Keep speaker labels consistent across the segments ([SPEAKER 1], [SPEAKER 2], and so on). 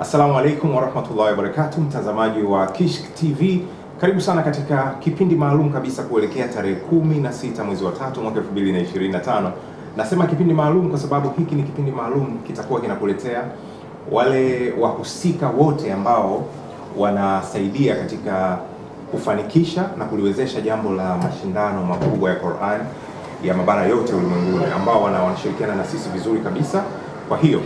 [SPEAKER 1] Assalamu alaikum warahmatullahi wabarakatuh, mtazamaji wa Kishk TV, karibu sana katika kipindi maalum kabisa kuelekea tarehe kumi na sita mwezi wa tatu mwaka tano. Nasema kipindi maalum kwa sababu hiki ni kipindi maalum kitakuwa kinakuletea wale wahusika wote ambao wanasaidia katika kufanikisha na kuliwezesha jambo la mashindano makubwa ya Qur'an ya mabara yote ulimwenguni ambao wanashirikiana na sisi vizuri kabisa. Kwa hiyo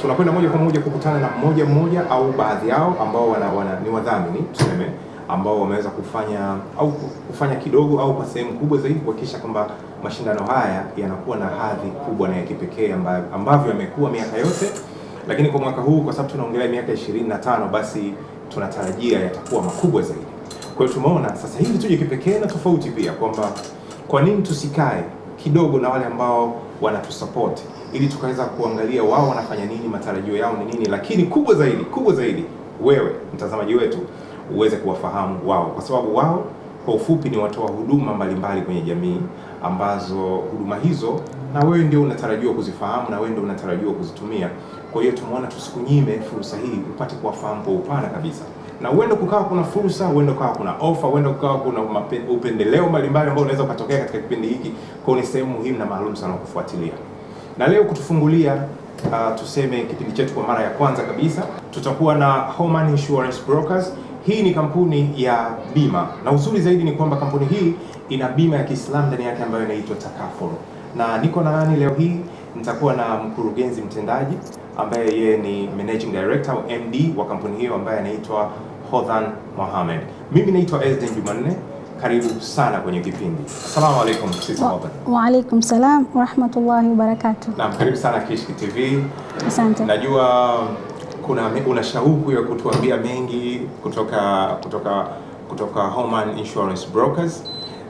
[SPEAKER 1] tunakwenda moja kwa moja kukutana na mmoja mmoja au baadhi yao ambao wana, wana, ni wadhamini tuseme ambao wameweza kufanya au kufanya kidogo au kwa sehemu kubwa zaidi kuhakikisha kwamba mashindano haya yanakuwa na hadhi kubwa na ya kipekee ambavyo yamekuwa miaka yote, lakini kwa mwaka huu kwa sababu tunaongelea miaka 25 basi tunatarajia yatakuwa makubwa zaidi. Kwa hiyo tumeona sasa hivi tuje kipekee na tofauti pia kwamba kwa nini tusikae kidogo na wale ambao wanatusapoti ili tukaweza kuangalia wao wanafanya nini, matarajio yao ni nini, lakini kubwa zaidi, kubwa zaidi, wewe mtazamaji wetu uweze kuwafahamu wao, kwa sababu wao kwa ufupi ni watoa huduma mbalimbali kwenye jamii ambazo huduma hizo na wewe ndio unatarajiwa kuzifahamu na wewe ndio unatarajiwa kuzitumia. Kwa hiyo tumeona tusikunyime fursa hii upate kuwafahamu kwa upana kabisa, na uende kukawa kuna fursa, uende kukawa kuna ofa, uende kukawa kuna upendeleo mbalimbali ambao unaweza ukatokea katika kipindi hiki. Kwa hiyo ni sehemu muhimu na maalum sana kufuatilia na leo kutufungulia uh, tuseme kipindi chetu kwa mara ya kwanza kabisa, tutakuwa na Homan Insurance Brokers. Hii ni kampuni ya bima na uzuri zaidi ni kwamba kampuni hii ina bima ya Kiislamu ndani yake ambayo inaitwa Takaful, na niko na nani leo hii? Nitakuwa na mkurugenzi mtendaji ambaye yeye ni managing director au MD wa kampuni hiyo ambaye anaitwa Hodhan Mohamed. Mimi naitwa Ezden Jumanne. Karibu sana kwenye kipindi. Asalamu alaikum
[SPEAKER 2] Sister Mother. Wa alaikum salam wa rahmatullahi wa barakatuh.
[SPEAKER 1] Naam, karibu sana Kishki TV. Asante. Najua kuna una shauku ya kutuambia mengi kutoka kutoka kutoka Homan Insurance Brokers,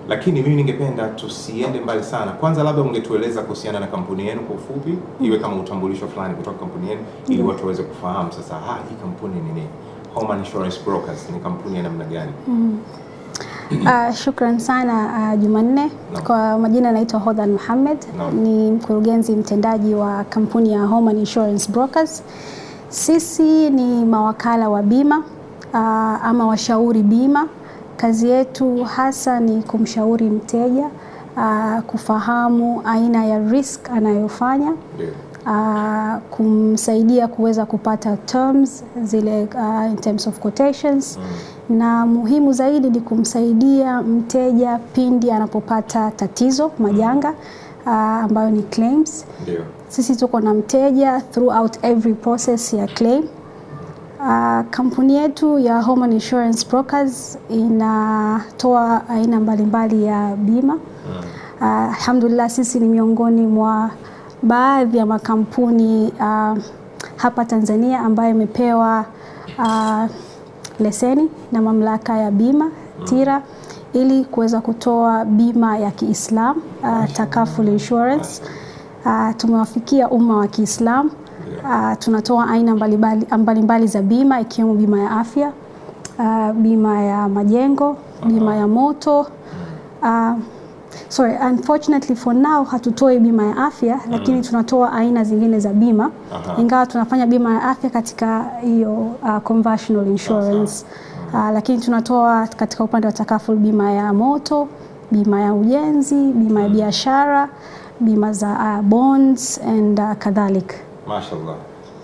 [SPEAKER 1] lakini mimi ningependa tusiende mbali sana. Kwanza labda ungetueleza kuhusiana na kampuni yenu kwa ufupi, iwe kama utambulisho fulani kutoka kampuni yenu ili mm-hmm. watu waweze kufahamu sasa, ha, ah, hii kampuni ni nini? Homan Insurance Brokers ni kampuni ya namna gani? Mm.
[SPEAKER 2] Uh, shukran sana uh, Jumanne no. Kwa majina naitwa Hodhan Mohamed no. Ni mkurugenzi mtendaji wa kampuni ya Homan Insurance Brokers. Sisi ni mawakala wa bima uh, ama washauri bima. Kazi yetu hasa ni kumshauri mteja uh, kufahamu aina ya risk anayofanya yeah. Uh, kumsaidia kuweza kupata terms zile uh, in terms of quotations mm na muhimu zaidi ni kumsaidia mteja pindi anapopata tatizo majanga uh, ambayo ni claims. Ndiyo. Sisi tuko na mteja throughout every process ya claim. Uh, kampuni yetu ya Home Insurance Brokers inatoa aina mbalimbali ya bima. Uh, alhamdulillah sisi ni miongoni mwa baadhi ya makampuni uh, hapa Tanzania ambayo imepewa uh, leseni na mamlaka ya bima TIRA ili kuweza kutoa bima ya Kiislamu uh, Takaful Insurance. Uh, tumewafikia umma wa Kiislamu uh, tunatoa aina mbalimbali mbalimbali za bima ikiwemo bima ya afya uh, bima ya majengo, bima ya moto uh, sorry, unfortunately for now hatutoi bima ya afya mm. lakini tunatoa aina zingine za bima Aha. ingawa tunafanya bima ya afya katika hiyo uh, conventional insurance uh, lakini tunatoa katika upande wa takaful bima ya moto, bima ya ujenzi, bima ya mm. biashara, bima za uh, bonds and uh, kadhalik.
[SPEAKER 1] Mashallah,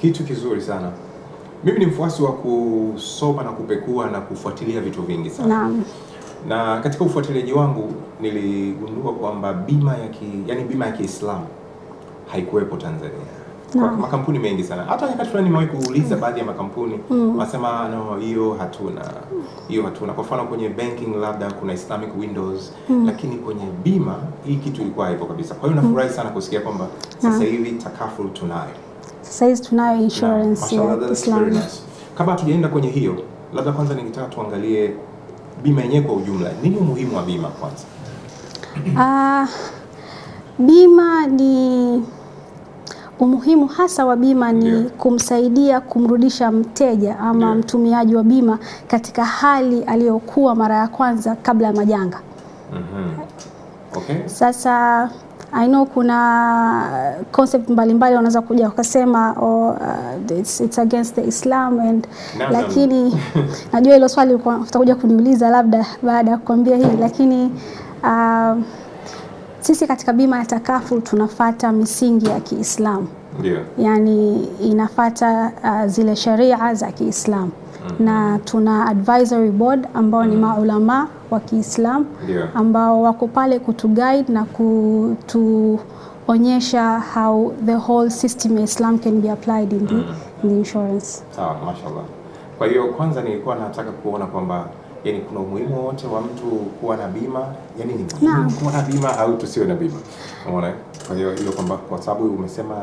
[SPEAKER 1] kitu kizuri sana. Mimi ni mfuasi wa kusoma na kupekua na kufuatilia vitu vingi sana. Naam na katika ufuatiliaji wangu niligundua kwamba bima ya ki, yani bima ya Kiislamu haikuwepo Tanzania. No. Kwa makampuni mengi sana. Hata nyakati fulani nimewahi kuuliza mm. baadhi ya makampuni mm. wasema no, hiyo hatuna hiyo hatuna. Kwa mfano kwenye banking labda kuna Islamic Windows mm. lakini kwenye bima hii kitu ilikuwa haipo kabisa. Kwa hiyo mm. nafurahi sana kusikia kwamba sasa hivi takaful tunayo,
[SPEAKER 2] sasa hivi tunayo insurance
[SPEAKER 1] ya Islam. Kabla hatujaenda kwenye hiyo, labda kwanza ningetaka tuangalie bima yenyewe kwa ujumla, nini umuhimu wa bima kwanza? Uh,
[SPEAKER 2] bima ni umuhimu hasa wa bima ni yeah, kumsaidia kumrudisha mteja ama yeah, mtumiaji wa bima katika hali aliyokuwa mara ya kwanza kabla ya majanga. mm -hmm. Okay. Sasa I know kuna uh, concept mbalimbali wanaweza kuja wakasema oh, uh, it's, it's against the Islam and no, lakini no. najua hilo swali utakuja kuniuliza labda baada ya kukwambia hili lakini uh, sisi katika bima ya takafu tunafata misingi ya Kiislamu yeah. yani inafata uh, zile sharia za Kiislamu Mm. na tuna advisory board ambao ni mm. maulama wa Kiislamu ambao wako pale kutuguide na kutuonyesha how the whole system of Islam can be applied in the, mm. in the insurance.
[SPEAKER 1] Sawa, mashallah. Kwa hiyo kwanza nilikuwa nataka kuona kwamba yani kuna umuhimu wote wa mtu kuwa na bima, yani ni kuwa na bima au tusiwe na bima. Umeona? Kwa hiyo hiyo kwamba kwa sababu umesema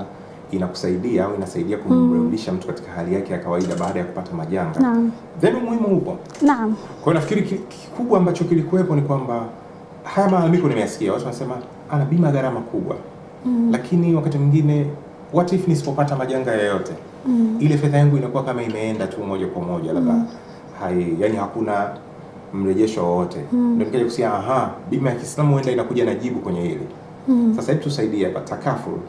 [SPEAKER 1] inakusaidia au inasaidia kumrudisha mm. mtu katika hali yake ya kawaida baada ya kupata majanga. Naam. Then umuhimu upo. Naam. Kwa nafikiri kikubwa ambacho kilikuwepo ni kwamba haya malalamiko nimeyasikia, watu wanasema ana bima gharama kubwa mm. lakini wakati mwingine what if nisipopata majanga yoyote mm. ile fedha yangu inakuwa kama imeenda tu moja kwa moja labda mm. hai, yani hakuna mrejesho wowote mm. ndio nikaja kusikia aha, bima ya Kiislamu huenda inakuja na jibu kwenye hili mm. Sasa hebu tusaidie hapa takafuru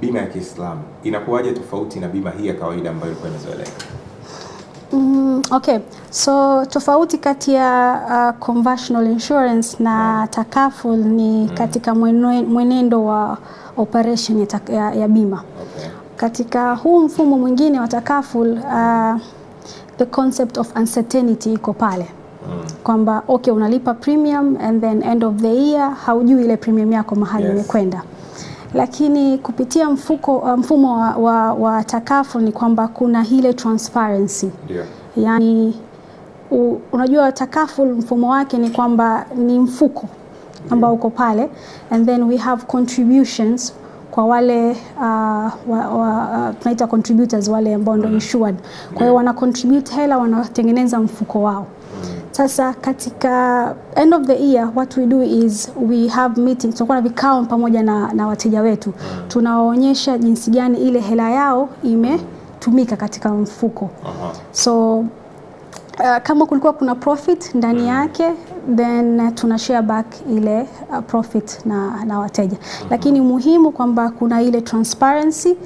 [SPEAKER 1] bima ya Kiislamu inakuwaje tofauti na bima hii ya kawaida ambayo ilikuwa inazoeleka?
[SPEAKER 2] Mm, okay. So tofauti kati ya uh, conventional insurance na takaful ni mm. katika mwenendo wa operation ya, ya bima. Okay. Katika huu mfumo mwingine wa takaful uh, the concept of uncertainty iko pale. Mm. Kwamba okay, unalipa premium and then end of the year haujui ile premium yako mahali imekwenda. Yes lakini kupitia mfuko, uh, mfumo wa, wa, wa takafu ni kwamba kuna ile transparency yeah. Yani u, unajua takafu mfumo wake ni kwamba ni mfuko ambao uko pale and then we have contributions kwa wale uh, wa, wa, uh, tunaita contributors wale ambao ndio insured. Kwa hiyo wana contribute hela, wanatengeneza mfuko wao. Sasa katika end of the year what we do is we have meetings, tunakuwa na vikao pamoja na, na wateja wetu, mm. tunawaonyesha jinsi gani ile hela yao imetumika katika mfuko. Aha. So uh, kama kulikuwa kuna profit ndani mm. yake then tuna share back ile uh, profit na, na wateja, mm-hmm. lakini muhimu kwamba kuna ile transparency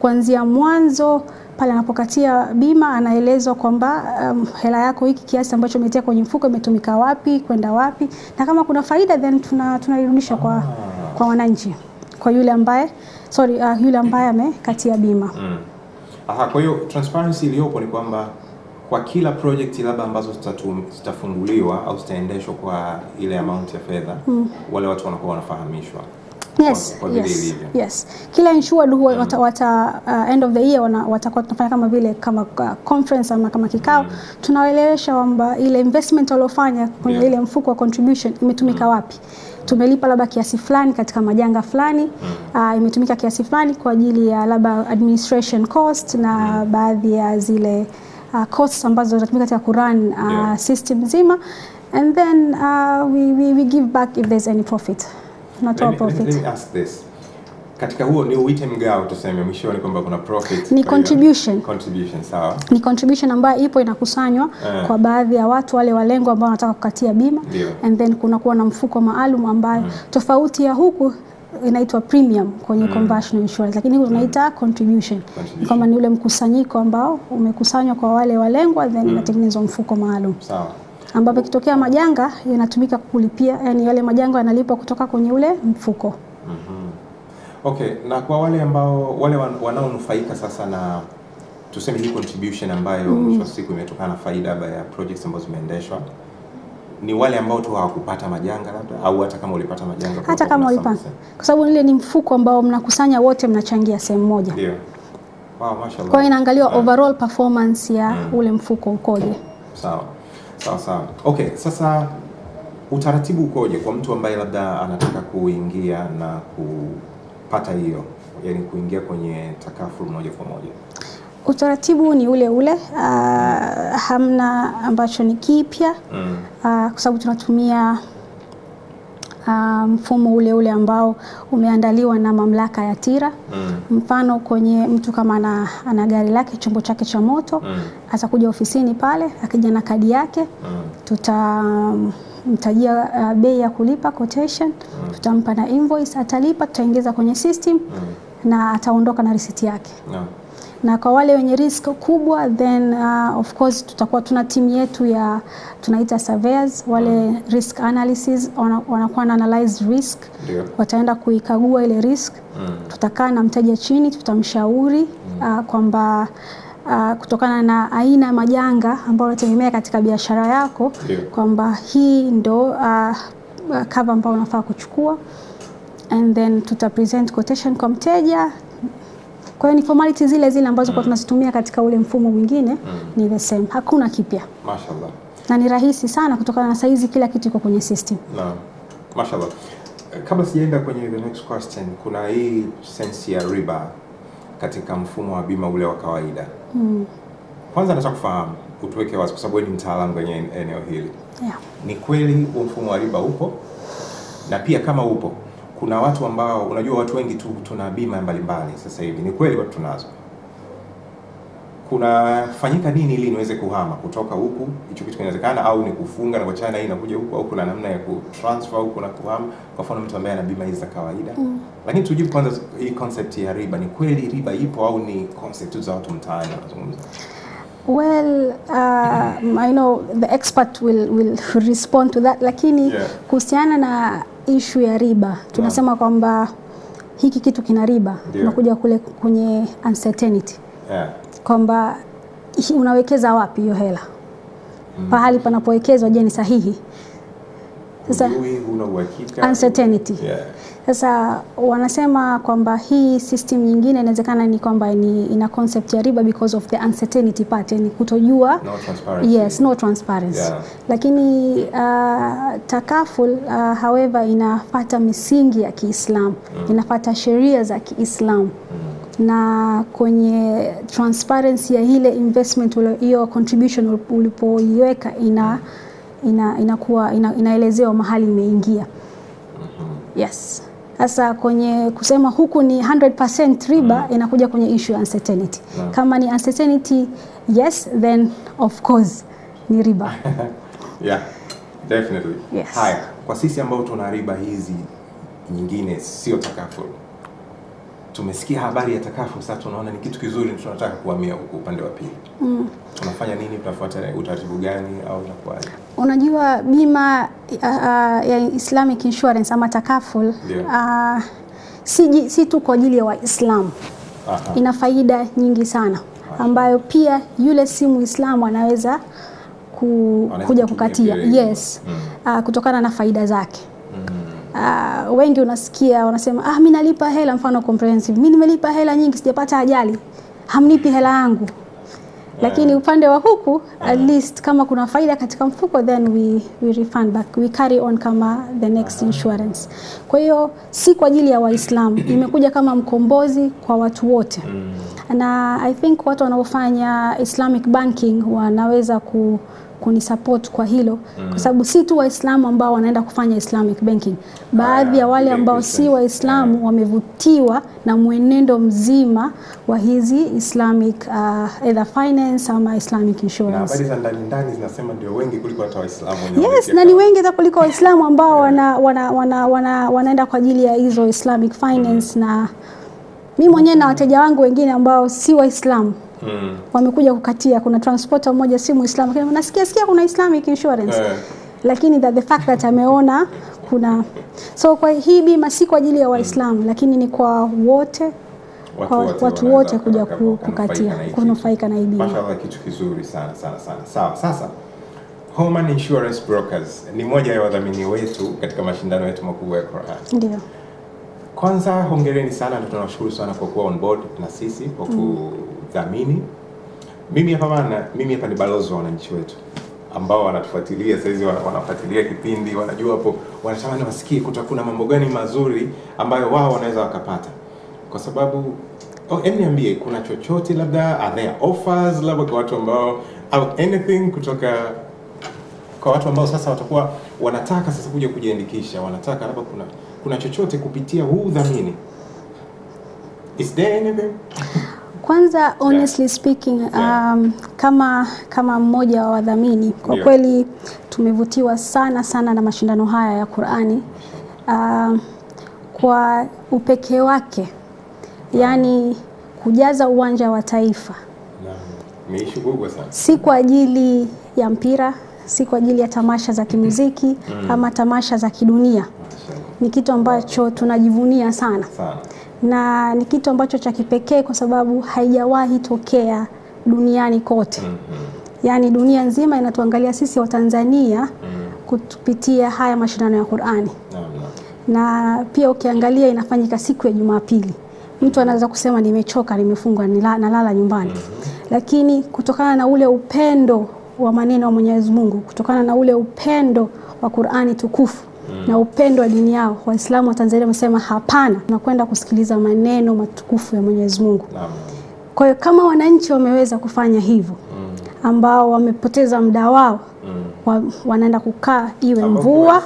[SPEAKER 2] kuanzia mwanzo pale anapokatia bima anaelezwa kwamba um, hela yako hiki kiasi ambacho umetia kwenye mfuko imetumika wapi kwenda wapi, na kama kuna faida then tunairudisha tuna kwa, kwa wananchi kwa yule ambaye sorry, uh, yule ambaye amekatia bima mm.
[SPEAKER 1] Aha, kwa hiyo transparency iliyopo ni kwamba kwa kila project labda ambazo zitafunguliwa au zitaendeshwa kwa ile amount ya fedha mm. wale watu wanakuwa wanafahamishwa
[SPEAKER 2] yes, kwa, kwa yes, yes. Kila insured huwa mm. wata, wata uh, end of the year wana, watakuwa tunafanya kama vile kama uh, conference ama kama kikao mm. tunawaelewesha kwamba ile investment waliofanya kwenye yeah. ile mfuko wa contribution imetumika mm. wapi tumelipa labda kiasi fulani katika majanga fulani mm. uh, imetumika kiasi fulani kwa ajili ya labda administration cost na mm. baadhi ya zile uh, costs ambazo zinatumika katika kurun uh, yeah. system nzima and then uh, we, we, we give back if there's any profit natoa profit. Let
[SPEAKER 1] me ask this. Katika huo ni uite mgao tuseme mwishoni kwamba kuna profit.
[SPEAKER 2] Ni contribution.
[SPEAKER 1] Contribution, sawa.
[SPEAKER 2] Ni contribution ambayo ipo inakusanywa uh, kwa baadhi ya watu wale walengo ambao wanataka kukatia bima. Dio. And then kuna kuwa na mfuko maalum ambayo mm. tofauti ya huku inaitwa premium kwenye mm. conventional insurance lakini huko tunaita mm. contribution, kwamba ni ule mkusanyiko ambao umekusanywa kwa wale walengwa then mm. inatengenezwa mfuko maalum. Sawa ambapo ikitokea majanga yanatumika kulipia, yani yale majanga yanalipwa kutoka kwenye ule mfuko. mm
[SPEAKER 1] -hmm. Okay, na kwa wale ambao wale wanaonufaika sasa na tuseme hii contribution ambayo mm-hmm. mwisho mm. wa siku imetokana na faida ya projects ambazo zimeendeshwa ni wale ambao tu hawakupata majanga labda, au hata kama ulipata majanga,
[SPEAKER 2] hata kama ulipata, kwa sababu ile ni mfuko ambao mnakusanya wote, mnachangia sehemu moja. Ndio. Wow, mashallah. Kwa hiyo inaangaliwa yeah. overall performance ya mm. ule mfuko ukoje.
[SPEAKER 1] Sawa. Sawa sawa. Okay, sasa utaratibu ukoje kwa mtu ambaye labda anataka kuingia na kupata hiyo, yani kuingia kwenye takafu moja kwa moja?
[SPEAKER 2] Utaratibu ni ule ule. Uh, hamna ambacho ni kipya mm. Uh, kwa sababu tunatumia Ah, mfumo ule ule ambao umeandaliwa na mamlaka ya TIRA mm. Mfano kwenye mtu kama ana, ana gari lake chombo chake cha moto mm. Atakuja ofisini pale akija na kadi yake mm. Tutamtajia mm, um, uh, ah, bei ya kulipa quotation mm. Tutampa na invoice atalipa, tutaingiza kwenye system mm. Na ataondoka na risiti yake yeah na kwa wale wenye risk kubwa then uh, of course tutakuwa tuna timu yetu ya tunaita surveyors wale mm. risk analysis wanakuwa na analyze risk yeah. wataenda kuikagua ile risk mm. tutakaa na mteja chini tutamshauri mm. uh, kwamba Uh, kutokana na aina ya majanga ambayo unategemea katika biashara yako yeah. kwamba hii ndo uh, cover ambayo unafaa kuchukua and then tuta present quotation kwa mteja kwa hiyo ni formality zile zile ambazo kwa tunazitumia katika ule mfumo mwingine mm. ni the same, hakuna kipya. Mashaallah. Na ni rahisi sana kutokana na saizi kila kitu iko kwenye system. Naam.
[SPEAKER 1] Mashaallah. Kabla sijaenda kwenye the next question, kuna hii sense ya riba katika mfumo wa bima ule wa kawaida. Mm. Kwanza nataka kufahamu utuweke wazi kwa sababu ni mtaalamu kwenye eneo hili. Yeah. Ni kweli mfumo wa riba upo? Na pia kama upo, kuna watu ambao unajua, watu wengi tu tuna bima mbalimbali sasa hivi, ni kweli watu tunazo. Kunafanyika nini ili niweze kuhama kutoka huku, hicho kitu kinawezekana, au ni kufunga na kuachana na hii nakuja huku, au kuna namna ya kutransfer huku na kuhama, kwa mfano mtu ambaye ana bima hizi za kawaida mm. Lakini tujibu kwanza hii concept ya riba, ni kweli riba ipo au ni concept za watu mtaani wanazungumza?
[SPEAKER 2] Well, uh, I know the expert will, will respond to that, lakini yeah. kuhusiana na ishu ya riba tunasema yeah. kwamba hiki kitu kina riba yeah. tunakuja kule kwenye uncertainty yeah. kwamba unawekeza wapi hiyo hela mm. pahali panapowekezwa, je, ni sahihi?
[SPEAKER 1] Sasa huna uhakika
[SPEAKER 2] uncertainty. Yeah. Sasa wanasema kwamba hii system nyingine inawezekana ni kwamba ni ina concept ya riba because of the uncertainty part, yani kutojua
[SPEAKER 1] no transparency.
[SPEAKER 2] Yes, no transparency. Yeah. Lakini uh, takaful uh, however inafata misingi ya Kiislamu mm. inafata sheria za Kiislamu mm na kwenye transparency ya ile investment hiyo contribution ulipoiweka ina mm ina, inakuwa ina, inaelezewa mahali imeingia. Mm-hmm. Yes. Sasa kwenye kusema huku ni 100% riba mm. Inakuja kwenye issue ya uncertainty no. Kama ni uncertainty yes, then of course ni riba
[SPEAKER 1] yeah, definitely yes. Haya, kwa sisi ambao tuna riba hizi nyingine sio takafu tumesikia habari ya takafuru, sasa tunaona ni kitu kizuri, tunataka kuhamia huku upande wa pili mm. Tunafanya nini? Tunafuata utaratibu gani au inakuwaje?
[SPEAKER 2] Unajua bima uh, ya Islamic Insurance ama takaful yeah. uh, si, si tu kwa ajili ya Waislamu ina faida nyingi sana Aha. ambayo pia yule si Muislamu anaweza ku, kuja kukatia yes mm. uh, kutokana na faida zake mm. uh, wengi unasikia wanasema ah, mimi nalipa hela, mfano comprehensive, mimi nimelipa hela nyingi sijapata ajali, hamnipi hela yangu lakini upande wa huku at uh-huh. least kama kuna faida katika mfuko then we, we refund back we carry on kama the next uh-huh. insurance. Kwa hiyo si kwa ajili ya Waislamu, imekuja kama mkombozi kwa watu wote mm. na I think watu wanaofanya Islamic banking wanaweza ku kunisupport kwa hilo mm. kwa sababu si tu Waislamu ambao wanaenda kufanya Islamic banking, baadhi ah, ya wale ambao si Waislamu yeah. wamevutiwa na mwenendo mzima wa hizi Islamic uh, either finance ama Islamic insurance.
[SPEAKER 1] Habari za ndani ndani zinasema ndio wengi kuliko hata Waislamu
[SPEAKER 2] wenyewe. Yes, na ni wengi hata kuliko Waislamu ambao yeah. wana, wana, wana, wana, wanaenda kwa ajili ya hizo Islamic finance mm. na mi mwenyewe na wateja wangu wengine ambao si Waislamu mm. wamekuja kukatia. Kuna transporter mmoja si Muislamu, lakini nasikia sikia kuna Islamic insurance yeah. lakini that the fact that ameona kuna so kwa hii bima si kwa ajili ya mm. Waislamu mm. lakini ni kwa wote kwa watu, watu wote kuja kukatia kunufaika na hii bima.
[SPEAKER 1] Mashallah, kitu kizuri sana sana sana. Sawa, sasa Homan Insurance Brokers ni moja ya wadhamini wetu katika mashindano yetu makubwa ya Quran. Ndio. Kwanza hongereni sana na tunawashukuru sana kwa kuwa on board na sisi kwa ku mm dhamini. Mimi hapa bana, mimi hapa ni balozi wa wananchi wetu ambao wanatufuatilia sasa hizi wanafuatilia kipindi, wanajua hapo, wanatamani wasikie kuna mambo gani mazuri ambayo wao wanaweza wakapata, kwa sababu oh, niambie, kuna chochote labda, are there offers labda kwa watu ambao au anything kutoka kwa watu ambao sasa watakuwa wanataka sasa kuja kujiandikisha, wanataka labda kuna kuna chochote kupitia huu udhamini, is there anything?
[SPEAKER 2] Kwanza honestly speaking, um, kama kama mmoja wa wadhamini kwa yeah, kweli tumevutiwa sana sana na mashindano haya ya Qur'ani uh, kwa upekee wake yani kujaza uwanja wa taifa si kwa ajili ya mpira, si kwa ajili ya tamasha za kimuziki mm, ama tamasha za kidunia. Ni kitu ambacho tunajivunia sana, sana na ni kitu ambacho cha kipekee kwa sababu haijawahi tokea duniani kote. mm -hmm. Yaani dunia nzima inatuangalia sisi Watanzania mm -hmm. kupitia haya mashindano ya Qur'ani. mm -hmm. Na pia ukiangalia inafanyika siku ya Jumapili, mtu anaweza kusema nimechoka, nimefungwa, nalala nyumbani. mm -hmm. Lakini kutokana na ule upendo wa maneno ya Mwenyezi Mungu, kutokana na ule upendo wa Qur'ani tukufu na upendo wa dini yao, Waislamu wa Tanzania wamesema hapana, tunakwenda kusikiliza maneno matukufu ya Mwenyezi Mungu. Kwa hiyo kama wananchi wameweza kufanya hivyo mm. ambao wamepoteza muda wao mm. wanaenda kukaa iwe mvua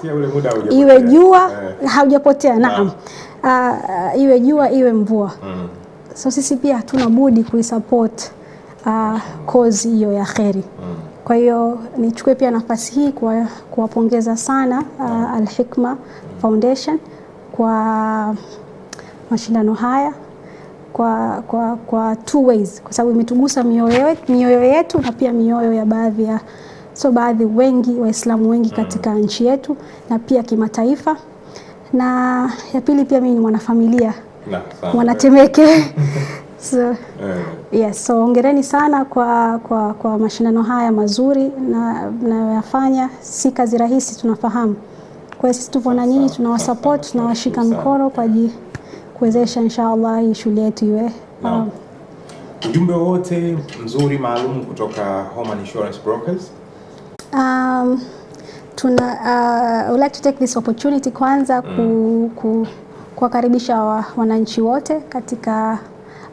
[SPEAKER 2] iwe jua eh. haujapotea naam na. uh, ah, iwe jua iwe mvua mm. so sisi pia hatuna budi kuisupport uh, kozi hiyo ya kheri mm. Kwa hiyo nichukue pia nafasi hii kuwapongeza sana uh, Al Hikma Foundation kwa mashindano haya kwa, kwa, kwa two ways, kwa sababu imetugusa mioyo yetu na pia mioyo ya baadhi ya so baadhi wengi Waislamu wengi mm. katika nchi yetu na pia kimataifa, na ya pili pia mimi ni mwanafamilia mwanatemeke So, eh. yes, so hongereni sana kwa, kwa, kwa mashindano haya mazuri na mnayoyafanya. Si kazi rahisi, tunafahamu. Kwa hiyo sisi tupo na nyinyi, tunawasapoti, tunawashika mkono kwa ajili kuwezesha inshallah hii shule yetu iwe um,
[SPEAKER 1] ujumbe wote mzuri maalum kutoka Home Insurance Brokers. Um,
[SPEAKER 2] tuna uh, I would like to take this opportunity kwanza mm. ku, ku, kuwakaribisha wananchi wote katika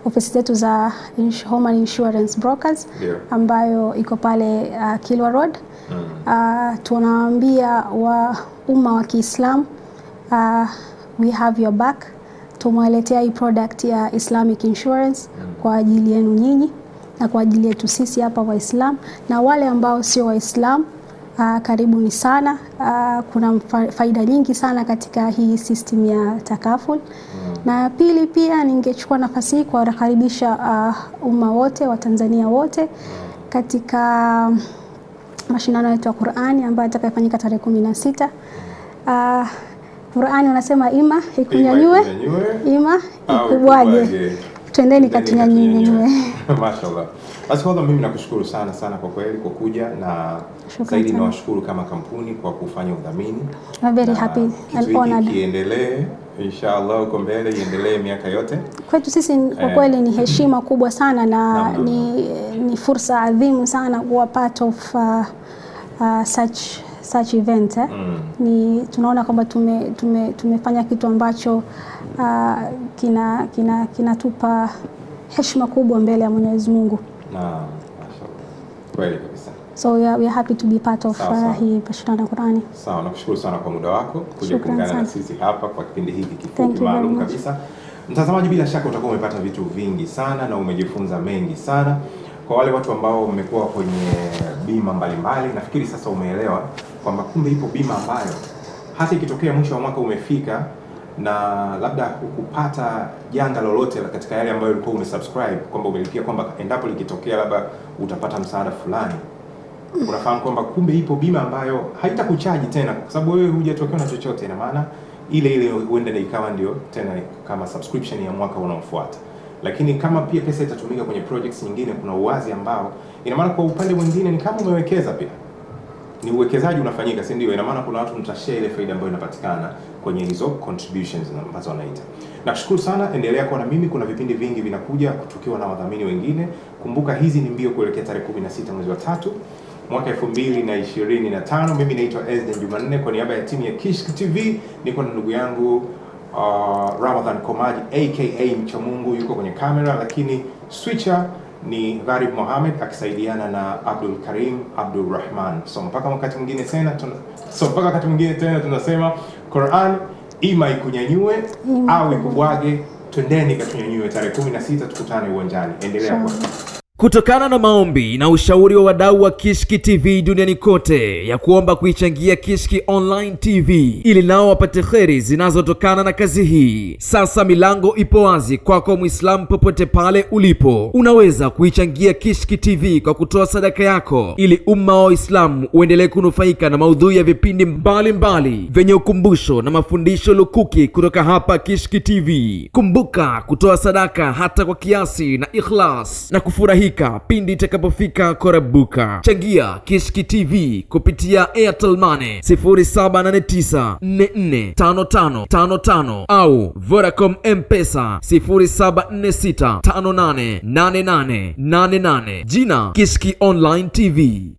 [SPEAKER 2] ofisi zetu za ins Home Insurance Brokers yeah. ambayo iko pale uh, Kilwa Road mm. uh, tunawaambia wa umma wa Kiislamu uh, we have your back. Tumewaletea hii product ya Islamic Insurance mm. kwa ajili yenu nyinyi na kwa ajili yetu sisi hapa waislam na wale ambao sio Waislamu. Uh, karibuni sana. Uh, kuna faida nyingi sana katika hii system ya takaful mm. Na pili pia ningechukua nafasi hii kuwakaribisha uh, umma wote wa Tanzania wote katika um, mashindano yetu ya Qur'ani ambayo atakayofanyika tarehe kumi na sita. Uh, Qur'ani unasema ima ikunyanyue, ima ikubwaje. Twendeni katunyanyue.
[SPEAKER 1] Mashaallah. Basi kwanza mimi nakushukuru sana sana kwa kweli kwa kuja na zaidi nawashukuru kama kampuni kwa kufanya udhamini.
[SPEAKER 2] I'm very happy and honored.
[SPEAKER 1] Kiendelee inshallah huko mbele iendelee miaka yote.
[SPEAKER 2] Kwetu sisi kwa eh, kweli ni heshima kubwa sana na, na ni, ni fursa adhimu sana kuwa part of uh, uh, such such event eh. Mm. Ni tunaona kwamba tume, tume, tumefanya kitu ambacho uh, kina kina kinatupa heshima kubwa mbele ya Mwenyezi Mungu. Naam, kweli kabisa. So we are, we are happy to be part of uh, hii mashindano ya Qur'ani.
[SPEAKER 1] Sawa, nakushukuru sana kwa muda wako kuja kuungana na sisi hapa kwa kipindi hiki kifupi maalum kabisa. Mtazamaji, bila shaka utakuwa umepata vitu vingi sana na umejifunza mengi sana. Kwa wale watu ambao wamekuwa kwenye bima mbalimbali, nafikiri sasa umeelewa kwamba kumbe ipo bima ambayo hata ikitokea mwisho wa mwaka umefika na labda hukupata janga lolote katika yale ambayo ulikuwa umesubscribe kwamba umelipia, kwamba endapo likitokea labda utapata msaada fulani unafahamu kwamba kumbe ipo bima ambayo haitakuchaji tena, kwa sababu wewe hujatokewa na chochote. Ina maana ile ile huenda ikawa ndio tena kama subscription ya mwaka unaofuata, lakini kama pia pesa itatumika kwenye projects nyingine, kuna uwazi ambao, ina maana kwa upande mwingine ni kama umewekeza pia ni uwekezaji unafanyika, si ndio? Ina maana kuna watu mtashare ile faida ambayo inapatikana kwenye hizo contributions ambazo wanaita. Nakushukuru sana, endelea kuwa na mimi. Kuna vipindi vingi vinakuja tukiwa na wadhamini wengine. Kumbuka hizi ni mbio kuelekea tarehe 16 mwezi wa tatu mwaka 2025. Mimi naitwa Ezden Jumanne, kwa niaba ya timu ya Kishki TV niko na ndugu yangu uh, Ramadhan Komaji aka Mchamungu yuko kwenye kamera, lakini switcher ni Gharib Mohamed akisaidiana na Abdul Karim Abdul Rahman. So mpaka wakati mwingine tena tuna, so mpaka wakati mwingine tena tunasema Quran ima ikunyanyue mm. au ikubwage, twendeni katunyanyue. Tarehe 16 tukutane uwanjani, endelea kwa
[SPEAKER 3] Kutokana na maombi na ushauri wa wadau wa Kishki TV duniani kote ya kuomba kuichangia Kishki Online TV ili nao wapate kheri zinazotokana na kazi hii, sasa milango ipo wazi kwako Mwislamu, popote pale ulipo, unaweza kuichangia Kishki TV kwa kutoa sadaka yako ili umma wa Waislamu uendelee kunufaika na maudhui ya vipindi mbalimbali vyenye ukumbusho na mafundisho lukuki kutoka hapa Kishki TV. Kumbuka kutoa sadaka hata kwa kiasi na ikhlas na kufurahi kukubalika pindi itakapofika korabuka. Changia Kishki TV kupitia Airtel Money 0789445555 au Vodacom Mpesa 0746588888. Jina Kishki Online TV.